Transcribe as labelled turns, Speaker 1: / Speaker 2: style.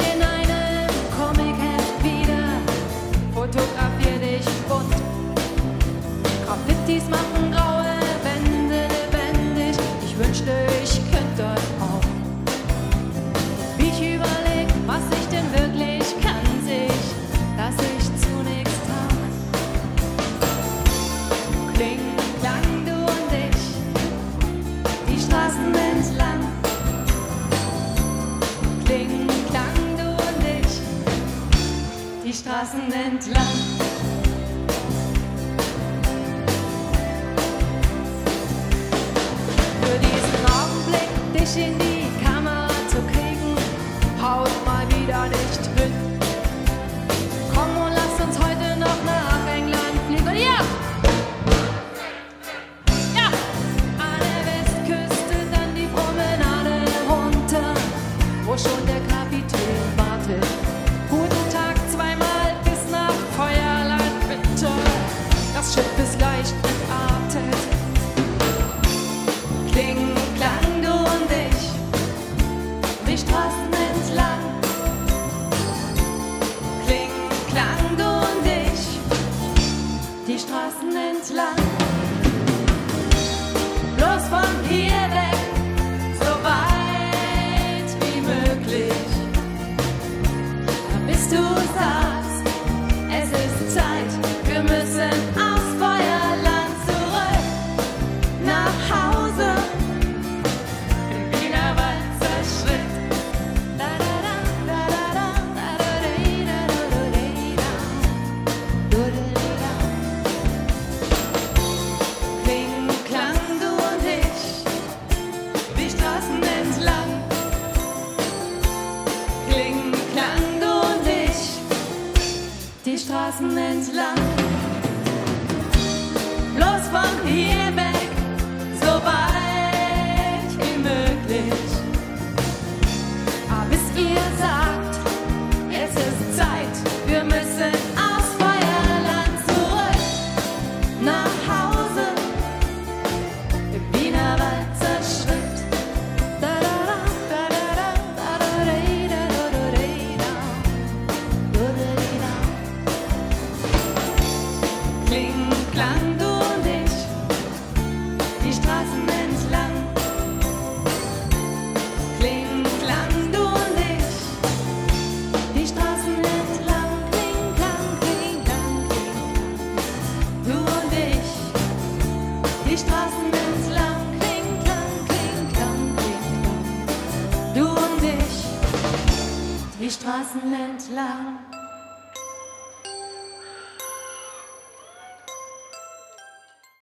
Speaker 1: in einem Comicheft wieder. Fotografier dich bunt. Graffitis machen graue Wände lebendig. Ich wünschte, ich könnte das auch. Ich überleg, was ich denn wirklich kann, sich, dass ich zunächst tat. Kling, klang du und ich, die Straßen entlang. die Straßen entlang. Für diesen Augenblick dich in die Kamera zu kriegen, haut mal wieder nicht mit. love. die Straßen entlang. Los von hier klingt lang und ich die Straßen entlang. Klingt lang und ich die Straßen entlang. Du und ich die Straßen entlang. Klingt lang, klingt lang, klingt Du und ich die Straßen entlang.